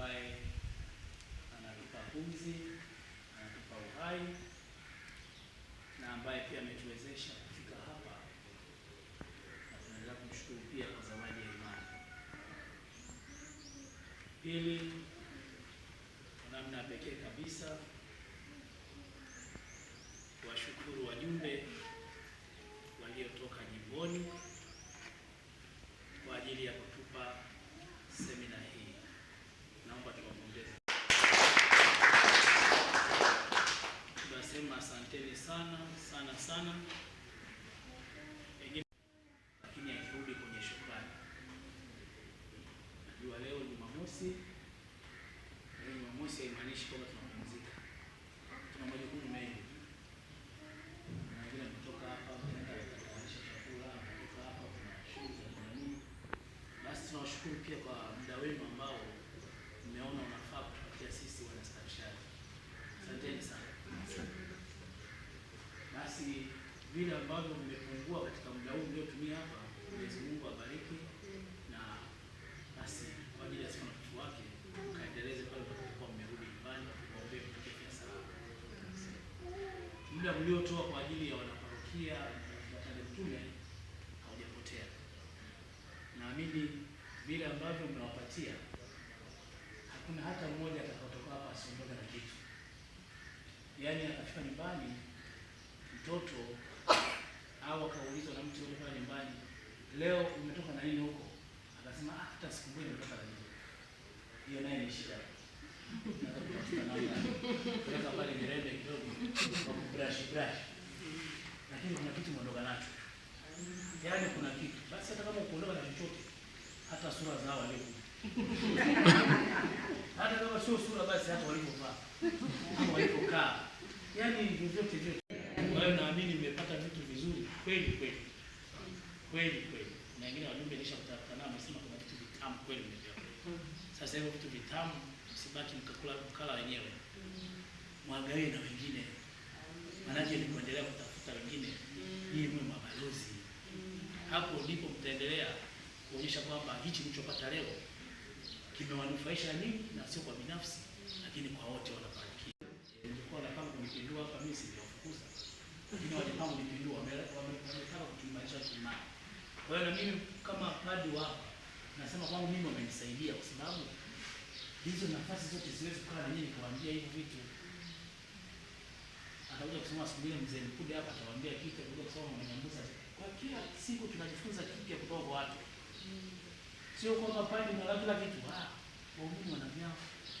ambaye anatupa pumzi, anatupa uhai na ambaye pia ametuwezesha kufika hapa, na tunaendelea kumshukuru pia kwa zawadi ya imani. Pili, kwa namna pekee kabisa asanteni sana sana sana, lakini akirudi kwenye shukrani. Najua leo ni Jumamosi, leo Jumamosi haimaanishi kwamba vile ambavyo vimepungua katika muda huu uliotumia hapa, Mwenyezi Mungu abariki na basi kwa ajili ya na mtukufu wake kaendeleze pale mtakapokuwa mmerudi nyumbani, kuombea mtukufu salama. Muda mliotoa kwa ajili ya wanaparokia Matande Mtume haujapotea. Naamini vile ambavyo mmewapatia hakuna hata mmoja atakayotoka hapa asondoka na kitu, yaani akafika nyumbani mtoto au kaulizwa na mtu yule pale nyumbani, leo umetoka na nini huko? Akasema ah, hata siku mbili nimetoka na nini. Hiyo naye ni shida. Naweza pale nirembe kidogo kwa brush brush, lakini kuna kitu mwondoka nacho, yaani kuna kitu basi, hata kama ukuondoka na chochote, hata sura zao walivyo hata kama sio sura, basi hata walivyovaa ama walivyokaa, yaani vyovyote vyote leo naamini mmepata vitu vizuri kweli kweli kweli kweli, na wengine wajumbe kutafuta nao wamesema kuna vitu vitamu kweli mmepewa. Sasa hivyo vitu vitamu msibaki mkakula mkala wenyewe, mwagawe na wengine, maanake ni kuendelea kutafuta wengine, nii mwe mabalozi. Hapo ndipo mtaendelea kuonyesha kwamba hichi mlichopata leo kimewanufaisha nini, na sio kwa binafsi, lakini kwa wote wanabarikiwa. Nilikuwa napanga kunipindua hapa mimi sio wengine walipanga kujipindua, wametaka kutuimarisha kiimani. Kwa hiyo na mimi kama padri wako nasema kwangu mimi wamenisaidia kwa sababu hizo nafasi zote siwezi kukaa na nyinyi kuambia hivi vitu. Atakuja kusema siku ile mzee Mkude hapa atawaambia kitu, atakuja kusema Mwanambusa. Kwa kila siku tunajifunza kipya kutoka kwa watu. Sio kwamba padri na kila kitu. Ah, waumini wanavyao,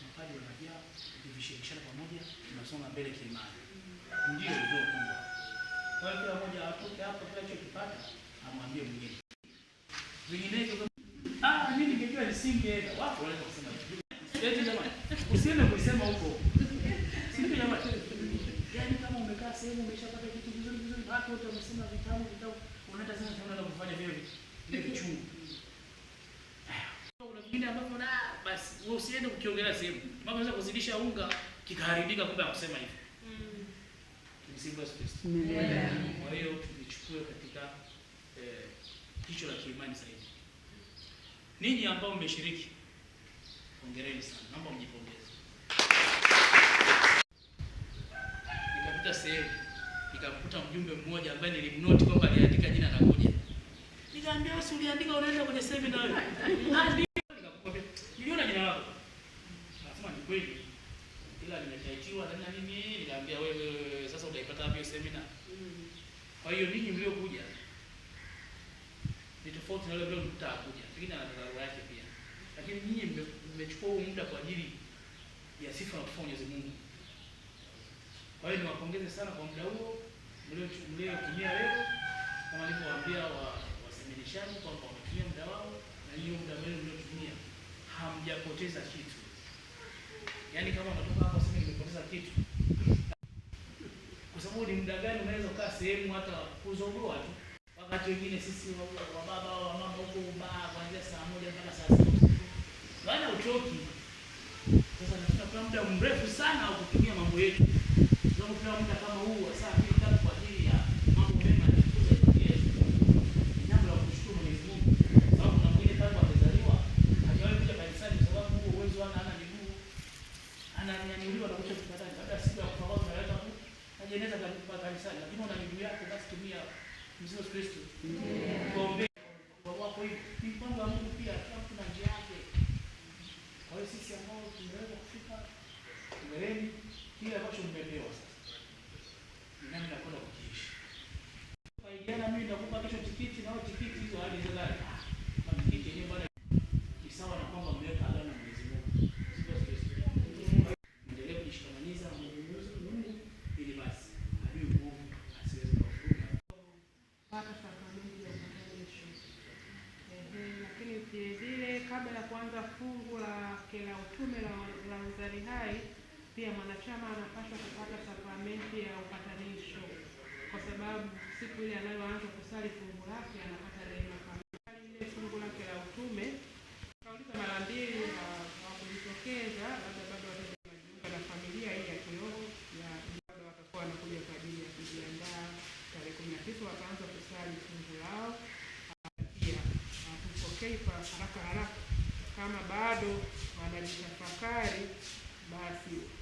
mapadri wanavyao, tukishirikishana pamoja tunasonga mbele kiimani. Ndio ndio kubwa. Kwa hiyo kila mmoja atoke hapo kinachokipata amwambie mwingine. Vinginevyo ah, mimi ningejua nisingeenda. Wako wanaweza kusema hivyo. Siwezi jamani. Usiende kusema huko. Sivyo jamani. Yaani kama umekaa sehemu umeshapata kitu vizuri vizuri, watu wote wamesema vitabu vitabu, unatazama tena na kufanya vile vile vichungu. Kuna vingine ambavyo na ah, basi wewe usiende ukiongelea sehemu. Mambo yanaweza kuzidisha unga kikaharibika, kumbe hakusema hivyo. Sifa Kristo. Kwa hiyo tulichukue katika eh, jicho la kiimani zaidi. Ninyi ambao mmeshiriki, hongereni sana, naomba mjipongeze. Nikapita sehemu nikakuta mjumbe mmoja ambaye nilimnoti kwamba aliandika jina la nakuja, nikaambia basi, uliandika, unaenda kwenye seminar wewe? Ah, Nikakwambia niliona jina lako, akasema ni kweli, ila nimetaitiwa na nini. Nikaambia wewe wewe hapa hiyo semina. Kwa hiyo ninyi mliokuja ni tofauti na yule ambaye mtakuja. Pengine ana dharura yake pia. Lakini ninyi mmechukua huu muda kwa ajili ya sifa na kufanya Mwenyezi Mungu. Kwa hiyo niwapongeze sana kwa muda huo mliotumia leo, kama nilivyowaambia wa waseminishaji kwamba wametumia muda wao na hiyo muda wenu mliotumia hamjapoteza kitu. Yaani kama unatoka hapa sasa nimepoteza kitu ni muda gani unaweza ukaa sehemu hata kuzungua tu. Wakati wengine sisi wa baba au mama huko baa kuanzia saa moja mpaka saa sita bana uchoki. Sasa tunapata muda mrefu sana au kutumia mambo yetu jeneza kwa kanisani, lakini una miguu yako, basi tumia mzigo Kristo. Tuombe kwa wako hivi. Ni mpango wa Mungu pia, kila mtu na njia yake. Kwa hiyo sisi ambao tumeweza kufika mbeleni, kile ambacho mmepewa sasa kabla ya kuanza fungu lake la utume la la Rozari hai, pia mwanachama anapaswa kupata sakramenti ya upatanisho, kwa sababu siku ile anayoanza kusali fungu lake anapata rehema kamili. Ile fungu lake la utume kauliza mara mbili na hawakujitokeza, labda bado watajiunga na familia hii ya kiroho ya bado watakuwa wanakuja kwa ajili ya kujiandaa tarehe kumi na tisa wataanza kusali fungu lao ah, pia hatupokei ah, kwa haraka haraka kama bado wanajitafakari, basi